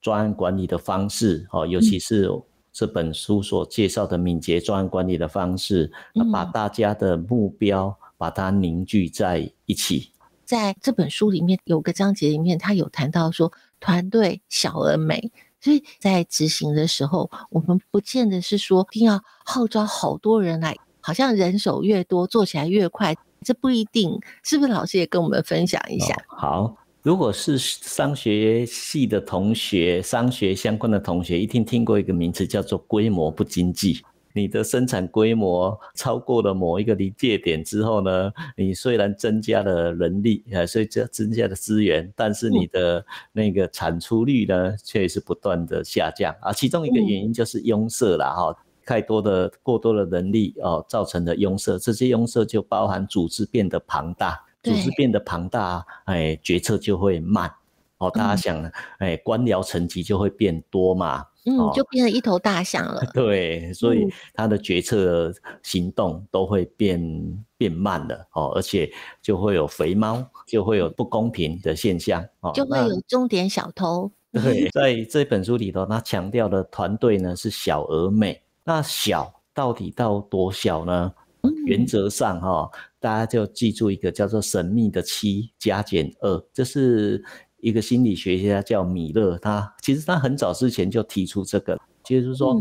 專案管理的方式哦，尤其是。這本書所介紹的敏捷專案管理的方式，嗯，把大家的目標把它凝聚在一起。在這本書裡面有個章節裡面，他有談到說團隊小而美，所以在執行的時候，我們不見得是說一定要號召好多人來，好像人手越多做起來越快，這不一定。是不是老師也跟我們分享一下？哦，好。如果是商學系的同學，商學相關的同學，一定聽過一個名詞叫做“規模不經濟”。你的生產規模超過了某一個臨界點之後呢，你雖然增加了人力，啊，所以增加了資源，但是你的那個產出率呢，卻是不斷的下降。啊，其中一個原因就是擁塞了哈，太多的、過多的人力哦，造成的擁塞。這些擁塞就包含組織變得龐大。對組織變得龐大，哎，決策就會慢。哦，大家想、嗯、官僚層級就會變多嘛。嗯，哦、就變成一頭大象了。對，所以他的決策行動都會變、嗯、變慢的。哦，而且就會有肥貓，就會有不公平的現象。哦、就會有重點小偷。對，在這本書裡頭他強調，他強調的團隊呢是小而美。 那小到底到多小呢？嗯、原則上、哦，哈。大家就記住一個叫做神秘的七加減二，這是一個心理學家叫米勒，他其實他很早之前就提出這個，就是說，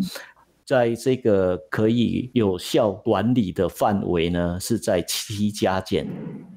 在這個可以有效管理的範圍呢，是在七加減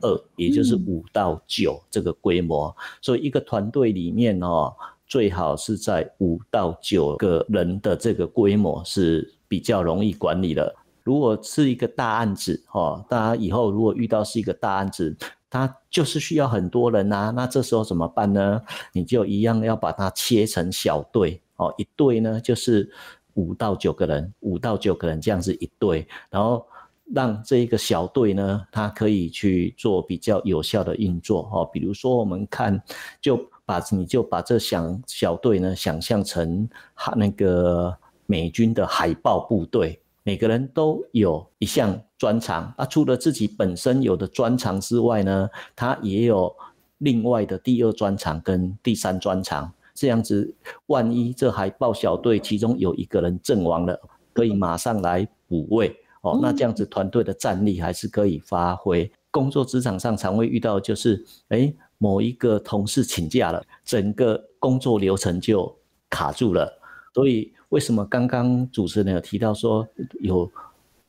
二，也就是五到九這個規模，嗯、所以一個團隊裡面哦、喔，最好是在五到九個人的這個規模是比較容易管理的。如果是一個大案子，哈，大家以後如果遇到是一個大案子，他就是需要很多人啊。那這時候怎麼辦呢？你就一樣要把它切成小隊，哦，一隊呢就是五到九個人，五到九個人這樣子一隊，然後讓這一個小隊呢，他可以去做比較有效的運作，哈。比如說我們看，就把你就把這小想小隊呢想象成哈那個美軍的海豹部隊。每個人都有一項專長，啊，除了自己本身有的專長之外呢，他也有另外的第二專長跟第三專長。這樣子，萬一這海豹小隊其中有一個人陣亡了，可以馬上來補位哦。那這樣子，團隊的戰力還是可以發揮。嗯、哼工作職場上常會遇到，就是哎、欸，某一個同事請假了，整個工作流程就卡住了。所以，為什麼剛剛主持人有提到說有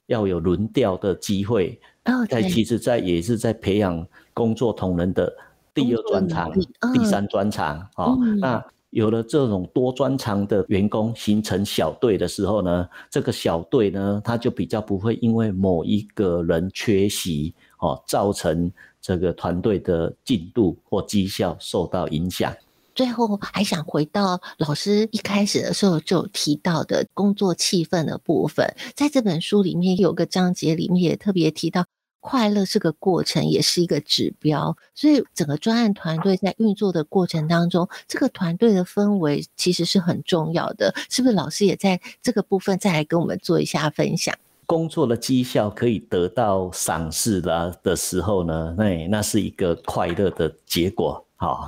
要有輪調的機會，哦，但其實，在也是在培養工作同仁的第二專長、第三專長啊。哦，那有了這種多專長的員工，形成小隊的時候呢，這個小隊呢，他就比較不會因為某一個人缺席哦，造成這個團隊的進度或績效受到影響。最後還想回到老師一開始的時候就提到的工作氣氛的部分，在這本書裡面有個章節裡面也特別提到，快樂是個過程，也是一個指標。所以整個專案團隊在運作的過程當中，這個團隊的氛圍其實是很重要的，是不是老師也在這個部分再來跟我們做一下分享？工作的績效可以得到賞識了的時候呢，那那是一個快樂的結果。好、哦，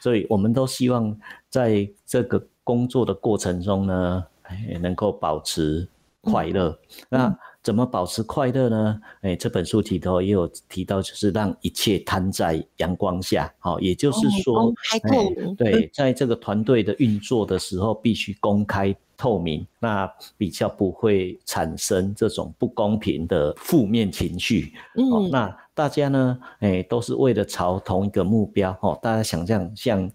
所以我們都希望在這個工作的過程中呢，能夠保持快樂。嗯嗯、那怎麼保持快樂呢？哎，這本書裡頭也有提到，就是讓一切攤在陽光下。好、哦，也就是說，對，在這個團隊的運作的時候，必須公開透明，嗯、那比較不會產生這種不公平的負面情緒。哦、嗯，哦、那。大家呢，哎、欸，都是為了朝同一個目標哦。大家想象像像，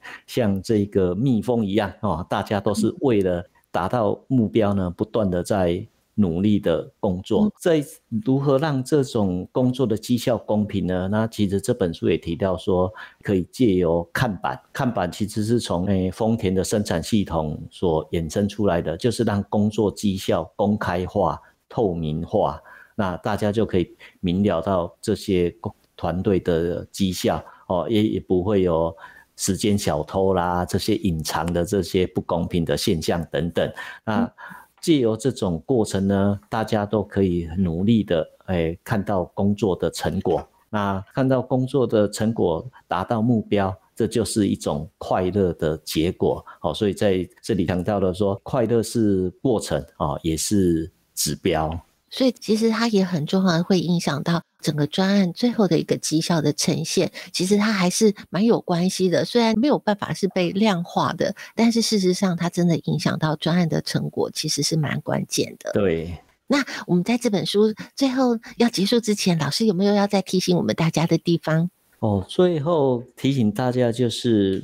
像這個蜜蜂一樣哦，大家都是為了達到目標呢，不斷的在努力的工作。在如何讓這種工作的績效公平呢？那其實這本書也提到說，可以借由看板。看板其實是從誒豐田的生產系統所衍生出來的，就是讓工作績效公開化、透明化。那大家就可以明了到這些團隊的績效哦，也也不會有時間小偷啦，這些隱藏的這些不公平的現象等等。那借由這種過程呢，大家都可以努力的誒，看到工作的成果。那看到工作的成果，達到目標，這就是一種快樂的結果哦。所以在這裡講到了說，快樂是過程啊，也是指標。所以其實它也很重要，會影響到整個專案最後的一個績效的呈現。其實它還是蠻有關係的，雖然沒有辦法是被量化的，但是事實上它真的影響到專案的成果，其實是蠻關鍵的。對，那我們在這本書最後要結束之前，老師有沒有要再提醒我們大家的地方？哦，oh, 最後提醒大家就是，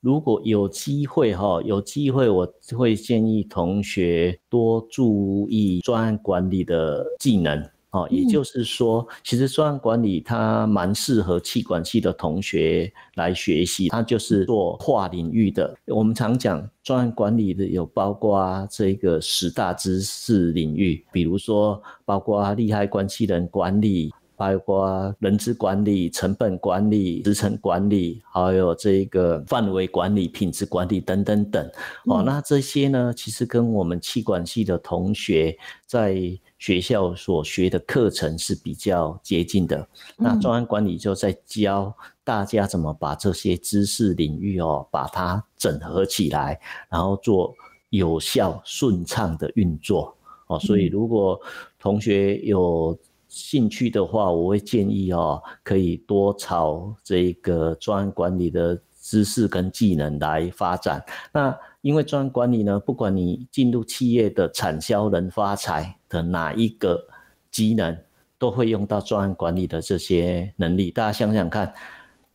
如果有機會哈，有機會我會建議同學多注意專案管理的技能哦，嗯、也就是說，其實專案管理它蠻適合企管系的同學來學習，它就是做跨領域的。我們常講專案管理的有包括這個十大知識領域，比如說包括利害關係人管理。包括人資管理、成本管理、時程管理，還有這個範圍管理、品質管理等等等。嗯、哦，那這些呢，其實跟我們企管系的同學在學校所學的課程是比較接近的。嗯、那專案管理就在教大家怎麼把這些知識領域哦，把它整合起來，然後做有效、順暢的運作。嗯、哦，所以如果同學有。興趣的話，我會建議哦，可以多朝這個專案管理的知識跟技能來發展。那因為專案管理呢，不管你進入企業的產銷人發財的哪一個技能，都會用到專案管理的這些能力。大家想想看，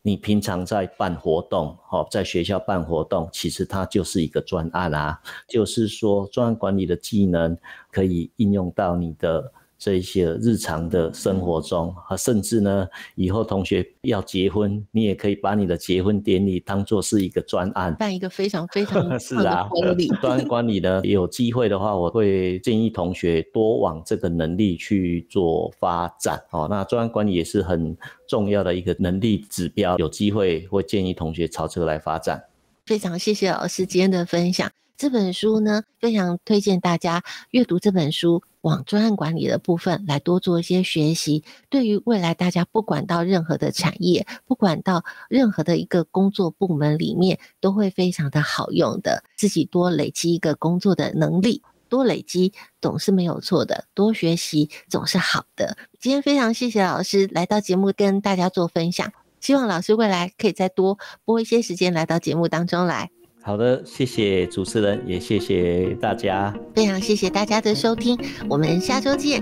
你平常在辦活動，哈，在學校辦活動，其實它就是一個專案啊，就是說專案管理的技能可以應用到你的。這一些日常的生活中，甚至呢，以後同學要結婚，你也可以把你的結婚典禮當做是一個專案，辦一個非常非常好的婚禮。專、 是啊、 案管理呢，有機會的話，我會建議同學多往這個能力去做發展哦。那專案管理也是很重要的一個能力指標，有機會會建議同學朝這個來發展。非常謝謝老師今天的分享。這本書呢，非常推薦大家閱讀這本書，往專案管理的部分來多做一些學習，對於未來大家不管到任何的產業，不管到任何的一個工作部門裡面，都會非常的好用的。自己多累積一個工作的能力，多累積總是沒有錯的，多學習總是好的。今天非常謝謝老師來到節目跟大家做分享，希望老師未來可以再多撥一些時間來到節目當中來。好的，謝謝主持人，也謝謝大家。非常謝謝大家的收聽，我們下周見。